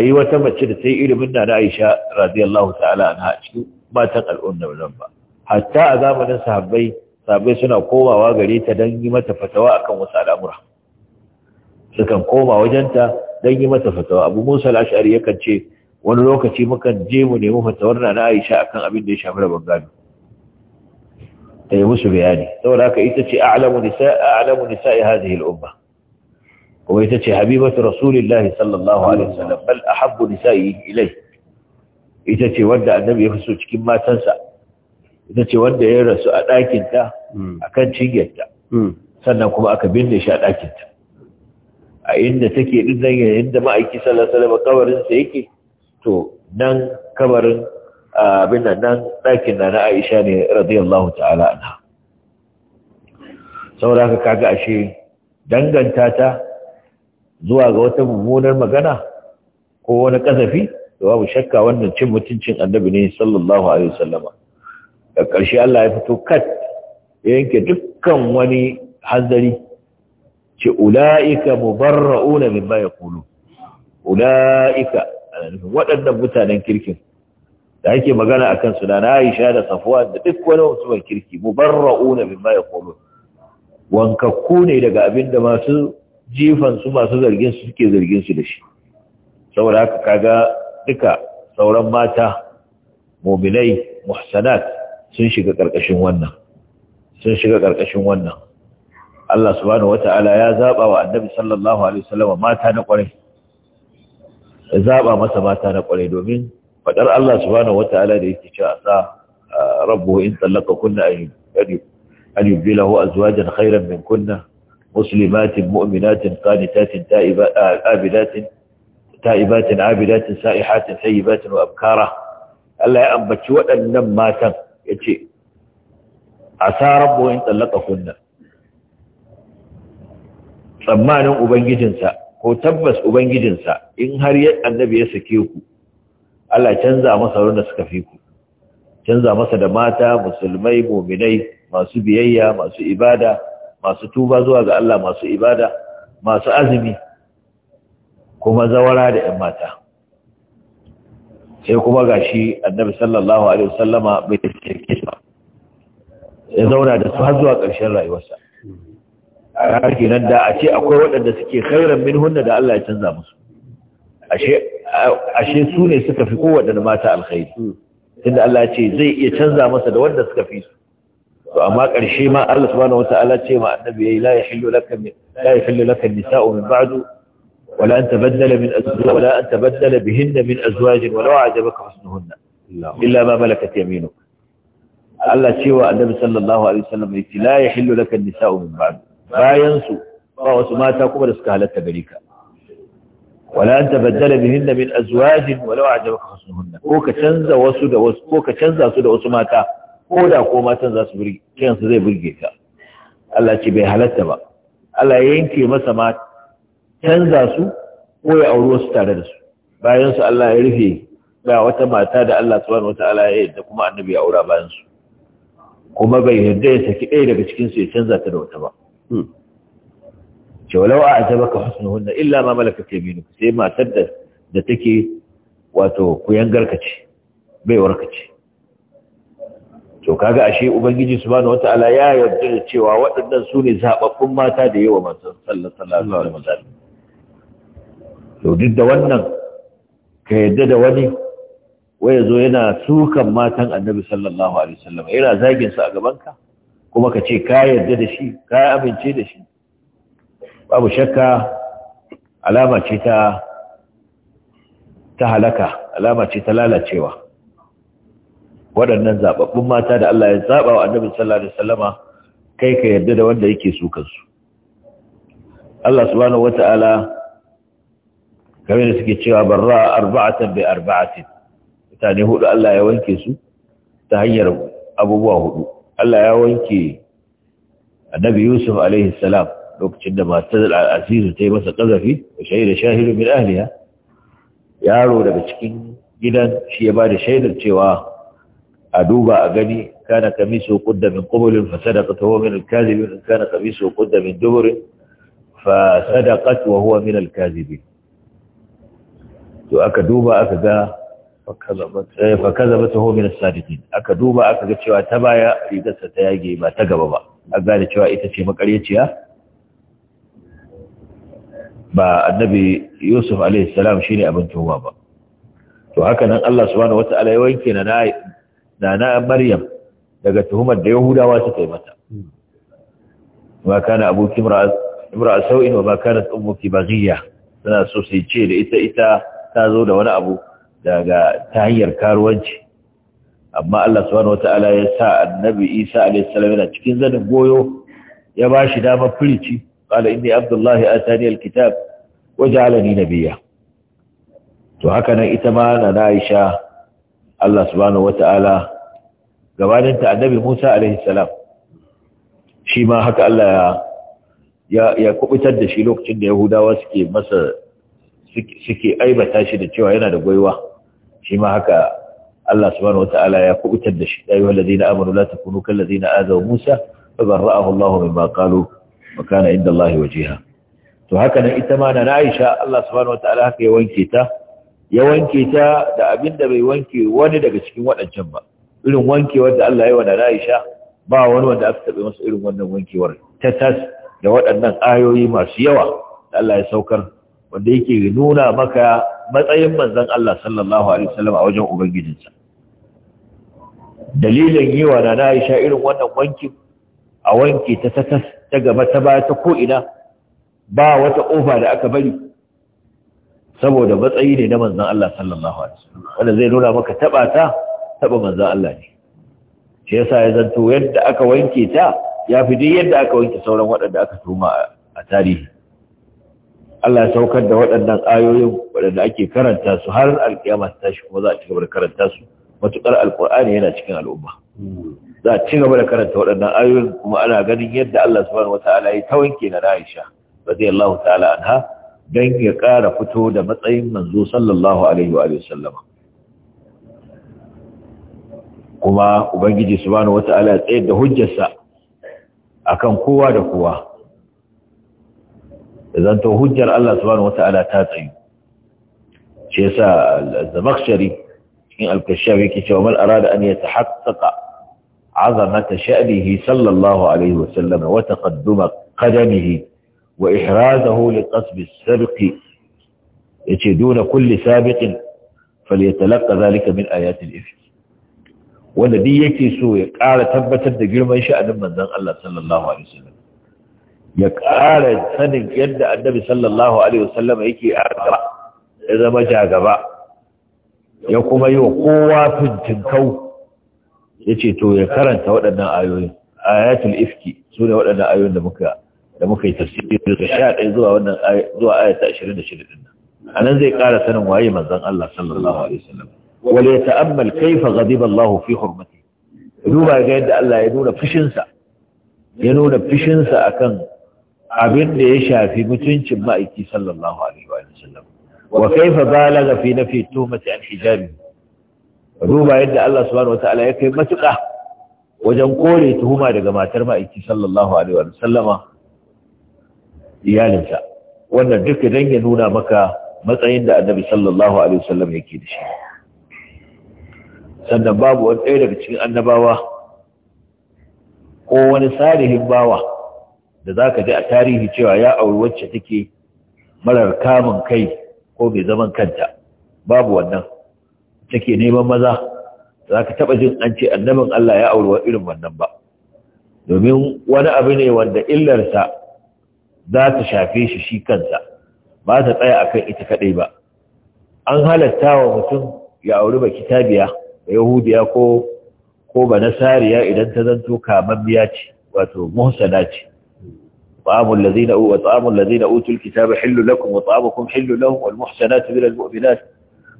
yi wata mace da ta yi ilimin na na Aisha radiyallahu ta'ala anha a cikin matan al'ummar nan ba hatta a zamanin sahabbai sahabbai suna komawa gare ta don yi mata fatawa akan wasu al'amura sukan koma wajenta don yi mata fatawa abu musa al'ashari yakan ce wani lokaci mukan je mu nemi fatawar na na aisha akan abin da ya shafi rabon gado ta yi musu bayani saboda haka ita ce a'lamu nisa a'lamu nisa'i al'umma kuma ita ce habibatu rasulillahi sallallahu alaihi wasallam bal ahabbu nisa'i ilai ita ce wanda annabi ya fi so cikin matansa ita ce wanda ya rasu a ɗakinta hmm. a kan cinyarta hmm. sannan kuma aka binne shi a ɗakinta a inda take din nan inda ma'aiki sallallahu alaihi wasallam kabarin sa yake to nan kabarin abin nan ɗakin na na Aisha ne radiyallahu ta'ala anha saboda haka kaga ashe danganta ta zuwa ga wata mummunar magana ko wani kasafi da babu shakka wannan cin mutuncin annabi ne sallallahu alaihi wasallama da ƙarshe Allah ya fito kat ya yanke dukkan wani hanzari ce ula'ika mubarra'una mimma Kulu. ula'ika waɗannan mutanen kirkin da ake magana a kansu na Aisha da Safuwa da duk wani mutumin kirki mubarra'una mimma Kulu. wankakku ne daga abinda masu jifan su masu zargin su suke zargin su da shi saboda haka kaga duka sauran mata mu'minai muhsanat sun shiga ƙarƙashin wannan sun shiga wannan Allah subhanahu wata'ala ya zaba wa annabi sallallahu alaihi wasallam mata na kwarai ya zaba masa mata na kwarai domin fadar Allah subhanahu wata'ala da yake cewa sa rabbuhu in sallaka kunna an yubdilahu azwajan khairan min kunna muslimatin mu'minatin qanitatin ta'ibatin ta'ibatin abidatin sa'ihatin tayyibatin wa abkara Allah ya ambaci waɗannan matan yace asa rabbuhu in sallaka kunna tsammanin ubangijinsa ko tabbas ubangijinsa in har annabi ya sake ku Allah canza masa da suka fi ku canza masa da mata musulmai muminai masu biyayya masu ibada masu tuba zuwa ga Allah masu ibada masu azumi kuma zawara da ‘yan mata sai kuma ga shi annabi sallallahu alaihi wasallama bai cike ya zauna da su har zuwa ƙarshen rayuwarsa kake nan da a ce akwai waɗanda suke khairan min da Allah ya canza musu ashe su ne suka fi kowaɗanda mata alkhairi inda Allah ce zai iya canza masa da wanda suka fi su to amma ƙarshe ma Allah subhanahu wata'ala ce ma annabi yayi la yahillu laka la yahillu laka nisa'u min ba'du wala an tabaddala min azwaj wala an tabaddala bihinna min azwaj walau a'jabaka husnuhunna illa ma malakat yaminuk Allah cewa annabi sallallahu alaihi wasallam yace la yahillu laka nisa'u min ba'du bayan su ba wasu mata kuma da suka halatta gari ka wala an tabaddala bihin min azwajin walau ajabaka husnuhunna ko ka canza wasu da wasu ko ka canza su da wasu mata ko da ko matan za su burge kansu zai burge ka Allah ce bai halatta ba Allah ya yanke masa ma canza su ko ya auri wasu tare da su bayan su Allah ya rufe ba wata mata da Allah subhanahu wataala ya yadda kuma annabi ya aura bayan su kuma bai yarda ya saki ɗaya daga cikin su ya canza ta da wata ba Hmm. cewalau a ajabaka husnuhunna illa ma malakat minu sai matar da da take wato kuyangarka ce baiwarka ce to kaga ashe ubangiji subhanahu wataala ya yarda da cewa waɗannan su ne zababbun mata da yawa masu sallallahu alaihi wasallam to duk da wannan ka yarda da wani waya zo yana sukan matan annabi sallallahu alaihi wasallam yana zagin su a gaban ka kuma ka ce ka yarda da shi ka amince da shi babu shakka alama ce ta ta halaka alama ce ta lalacewa waɗannan zaɓaɓɓun mata da Allah ya zaɓa wa annabi sallallahu alaihi wasallama kai ka yarda da wanda yake su kansu Allah subhanahu wata'ala kamar da suke cewa barra arba'atan bi arba'atin mutane hudu Allah ya wanke su ta hanyar abubuwa hudu Allah ya wanke annabi Yusuf alaihi salam lokacin da matar al'asiru ta yi masa ƙazafi da shaida shahiru min ahliya yaro daga cikin gidan shi ya ba da shaidar cewa a duba a gani kana so kudda min qubulin fa sadaqatu min al-kadhibin kana kamiso kudda min duburin fa sadaqatu wa huwa min al-kadhibin to aka duba aka ga fa kazabat hu min as-sadiqin aka duba aka ga cewa ta baya rigarsa ta yage ba ta gaba ba aka gane cewa ita ce makariyaciya ba annabi Yusuf alaihi salam shine abin tuwa ba to haka nan Allah subhanahu wataala ya wanke na na na Maryam daga tuhumar da Yahudawa suka yi mata ma kana abuki imra'a sau'in wa ma kanat ummuki baghiya suna so su ce da ita ita ta zo da wani abu daga ta hanyar karuwanci amma Allah subhanahu wata'ala ya sa annabi Isa alayhi salam yana cikin zanin goyo ya ba shi dama firici qala inni abdullahi atani alkitab wa ja'alani nabiyya to haka nan ita ma na Aisha Allah subhanahu wata'ala gabaninta annabi Musa alayhi salam shi ma haka Allah ya ya kubutar da shi lokacin da Yahudawa suke masa suke aibata shi da cewa yana da goyiwa shi ma haka Allah subhanahu wataala ya kubutar da shi ayyuhal ladina amanu la takunu kal ladina azaw Musa fa barra'ahu Allah mimma qalu wa kana inda Allah wajiha to haka nan ita ma na Aisha Allah subhanahu wataala haka ya wanke ta ya wanke ta da abinda bai wanke wani daga cikin waɗancan ba irin wankewar da Allah ya wa na Aisha ba wani wanda aka taɓa masa irin wannan wankewar ta tas da waɗannan ayoyi masu yawa da Allah ya saukar wanda yake nuna maka matsayin manzon Allah sallallahu alaihi wasallam a wajen ubangijinsa dalilin yi wa na Aisha irin wannan wanki a wanki ta tatas ta gaba ta baya ta ko'ina ba wata ƙofa da aka bari saboda matsayi ne na manzan Allah sallallahu Alaihi wasallam wanda zai nuna maka taɓa ta taɓa manzan Allah ne shi yasa ya zanto yadda aka wanke ta ya fi duk yadda aka wanke sauran waɗanda aka tuma a tarihi Allah ya saukar da waɗannan ayoyin waɗanda ake karanta su har alƙiyama ta tashi kuma za a ci gaba da karanta su matuƙar alƙur'ani yana cikin al'umma za a ci gaba da karanta waɗannan ayoyin kuma ana ganin yadda Allah subhanahu wataala ya tawanke na Aisha radiyallahu ta'ala anha dan ya ƙara fito da matsayin manzo sallallahu alaihi wa sallama kuma ubangiji subhanahu wataala ya tsayar da hujjarsa akan kowa da kowa idan to hujjar Allah subhanahu wata'ala ta tsayu shi yasa zamakhshari cikin al-kashaf yake cewa mal arada an yatahaqqa azamata sha'nihi sallallahu alaihi wa sallam wa taqadduma qadamihi wa ihrazahu liqasb as-sabq yace duna kulli sabiqin falyatalaqa dhalika min ayati al-ifk wanda duk yake so ya ƙara tabbatar da girman sha'anin manzon Allah sallallahu alaihi wasallam ya ƙara sanin yadda annabi sallallahu alaihi wasallam yake a gaba ya zama jagaba, ya kuma yi wa kowa fintinkau ya ce to ya karanta waɗannan ayoyin ayatul ifki su ne waɗannan ayoyin da muka yi tafsiri daga sha ɗaya zuwa wannan zuwa ashirin da shida ɗin a nan zai ƙara sanin waye manzon Allah sallallahu alaihi wasallam ya yata'ammal kaifa ghadiba Allah fi hurmati duba ga yadda Allah ya nuna fushinsa ya nuna fushinsa akan abin da ya shafi mutuncin ma'aiki sallallahu alaihi wa sallam wa bala ga fi nafi mace an hijabi ruba yadda Allah subhanahu wataala ya kai matuƙa wajen kore tuhuma daga matar ma'aiki sallallahu alaihi wa sallama iyalinsa wannan duk idan ya nuna maka matsayin da annabi sallallahu alaihi wa sallam yake da shi sannan babu wani ɗaya daga cikin annabawa ko wani salihin bawa da za ka ji a tarihi cewa ya auri wacce take marar kamun kai ko mai zaman kanta babu wannan take neman maza za ka taɓa jin an ce annabin Allah ya auri irin wannan ba domin wani abu ne wanda illarsa za ta shafe shi shi kansa ba ta tsaya akan ita kaɗai ba an halatta wa mutum ya auri ba kitabiya yahudiya ko ko ba nasariya idan ta zanto biya ce wato muhsana ce طعام الذين وطعام الذين أوتوا الكتاب حل لكم وطعامكم حل لهم والمحسنات من المؤمنات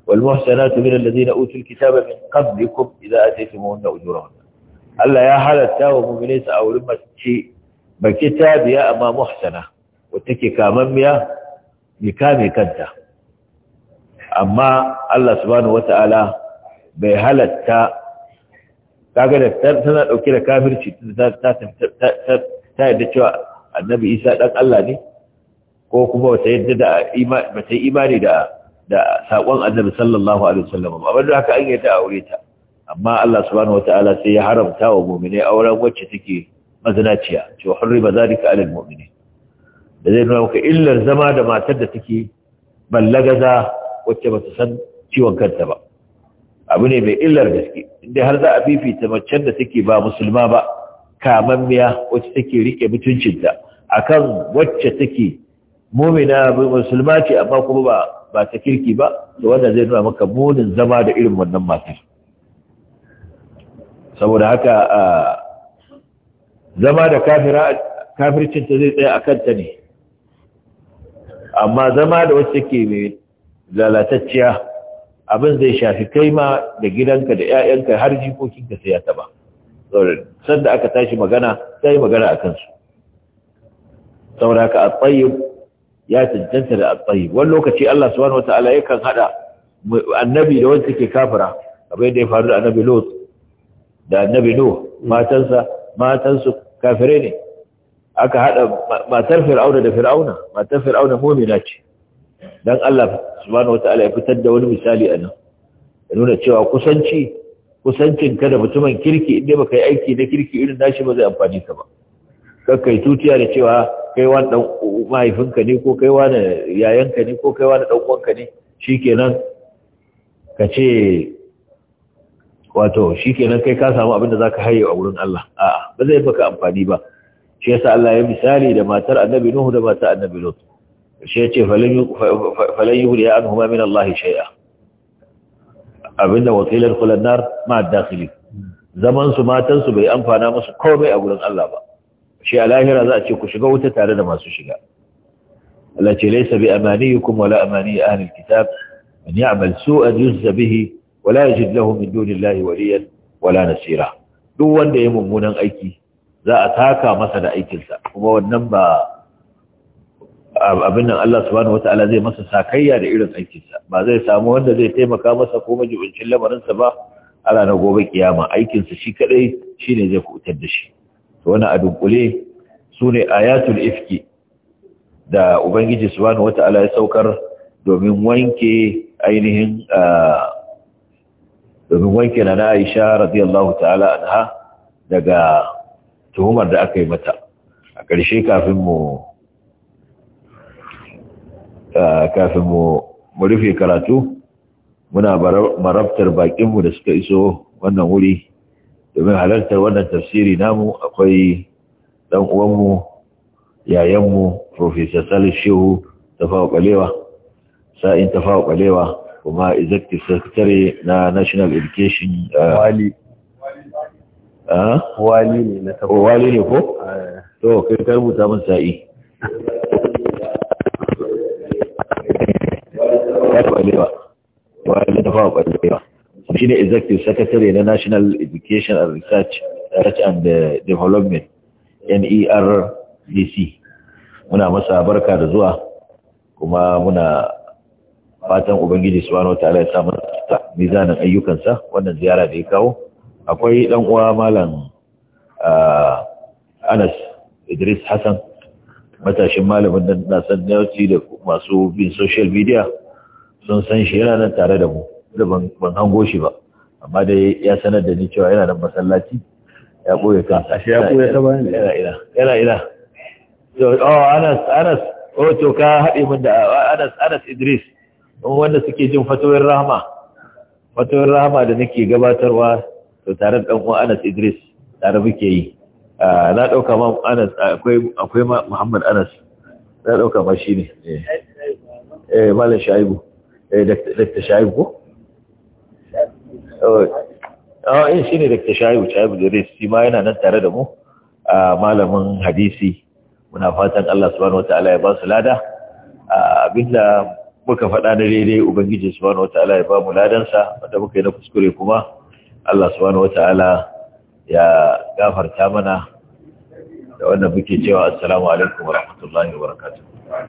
والمحسنات من الذين أوتوا الكتاب من قبلكم إذا أتيتموهن أجورهن ألا يا حالتا ومؤمنين سأولم شيء بكتاب يا أما محسنة وتكي كامميا بكامي كنتا أما الله سبحانه وتعالى بهلتا kaga da tana dauke da kafirci ta ta ta ta yadda cewa annabi isa ɗan Allah ne ko kuma ba ta yi imani da da sakon annabi sallallahu alaihi wasallam ba wanda haka an yadda aure ta amma Allah subhanahu wataala sai ya haramta wa muminai auren wacce take mazinaciya ce wa hurriba zalika alal mu'mini da zai nuna maka illar zama da matar da take ballagaza wacce ba ta san ciwon kanta ba abu ne mai illar gaske inda har za a fifita macen da take ba musulma ba kamammiya wacce take rike mutuncinta akan wacce take mumina musulma ce amma kuma ba ba ta kirki ba to wanda zai nuna maka munin zama da irin wannan matar saboda haka zama da kafira kafircin ta zai tsaya akan ta ne amma zama da wacce ke mai lalatacciya abin zai shafi kai ma da gidanka da 'ya'yanka har jikokinka sai ya taba sanda aka tashi magana sai magana a kansu saboda haka at ya cancanta da at wani lokaci Allah subhanahu wata'ala yakan hada annabi da wanda take kafira abin da ya faru da annabi Lot da annabi Nuh matan su kafirai ne aka hada matar fir'auna da fir'auna matar fir'auna mu'mina ce dan Allah subhanahu wata'ala ya fitar da wani misali a nan. ya nuna cewa kusanci kusancin ka da mutumin kirki inda baka yi aiki na kirki irin nashi ba zai amfani ka ba kakkai tutiya da cewa kai wani dan mahaifinka ne ko kai wani yayanka ne ko kai wani dan uwanka ne shikenan ka ce wato shikenan kai ka samu abin da zaka haye a wurin Allah a'a ba zai baka amfani ba shi yasa Allah ya misali da matar Annabi Nuhu da matar Annabi lot shi yace falan yuhri anhuma min Allah shay'a abinda wasilar kulannar ma dakhili zaman su matan su bai amfana musu komai a gurin Allah ba shi a lahira za a ce ku shiga wuta tare da masu shiga Allah ce laisa bi amaniyukum wala amani ahli alkitab an ya'mal su'an yuzza bihi wala yajid lahu min dunillahi waliyan wala nasira duk wanda ya mummunan aiki za a taka masa da aikinsa kuma wannan ba abin nan Allah subhanahu wata'ala zai masa sakayya da irin aikinsa ba zai samu wanda zai taimaka masa ko majibincin sa ba a ranar gobe kiyama aikinsa shi kadai shine zai kutar da shi to a dunkule su ne ayatul ifki da ubangiji wata ala ya saukar domin wanke ainihin domin wanke na na Aisha radiyallahu ta'ala anha daga tuhumar da aka yi mata a ƙarshe kafin mu kafin mu rufe karatu muna marabtar bakinmu da suka iso wannan wuri domin halartar wannan tafsiri namu akwai ɗan uwanmu yayanmu Profesa Salis Shehu tafawa kwalewa sa'in fawo kwalewa kuma executive secretary na National Education uh, Wali ah? Wali ne na tafawa oh, Wali ne ko? Eh. To, kai ka rubuta min sa'i. Kwalewa Wali fawo kwalewa shi ne executive secretary na national education and research research and uh, development nerdc muna masa barka da zuwa kuma muna fatan ubangiji su subhanahu wataala ya samu mizanin ayyukansa wannan ziyara da ya kawo akwai dan uwa malam uh, Anas Idris Hassan matashin malamin nan na san da masu bin social media sun san shi yana nan tare da mu da ban hango shi ba amma dai ya sanar da ni cewa yana da masallaci ya ɓoye ka ashe ya ɓoye ta bayan yana ina yana ina to oh anas anas oh to ka haɗe min da anas anas idris wanda suke jin fatawar rahama fatawar rahama da nake gabatarwa to tare da ɗan uwa anas idris tare muke yi ah, na ɗauka ma anas akwai muhammad anas na ɗauka ma shine eh eh malam shaibu eh dr shaibu ko a eh, yin eh, shi ne da ke shayi wuce abu da shi ma yana nan tare da mu a malamin hadisi muna fatan Allah subhanahu wa ta'ala ya ba su lada abinda muka faɗa na daidai ubangiji subhanahu wa ta'ala ya ba mu ladansa wanda muka yi na kuskure kuma Allah subhanahu wa ta'ala ya gafarta mana da muke cewa assalamu alaikum wa rahmatullahi wa barakatuh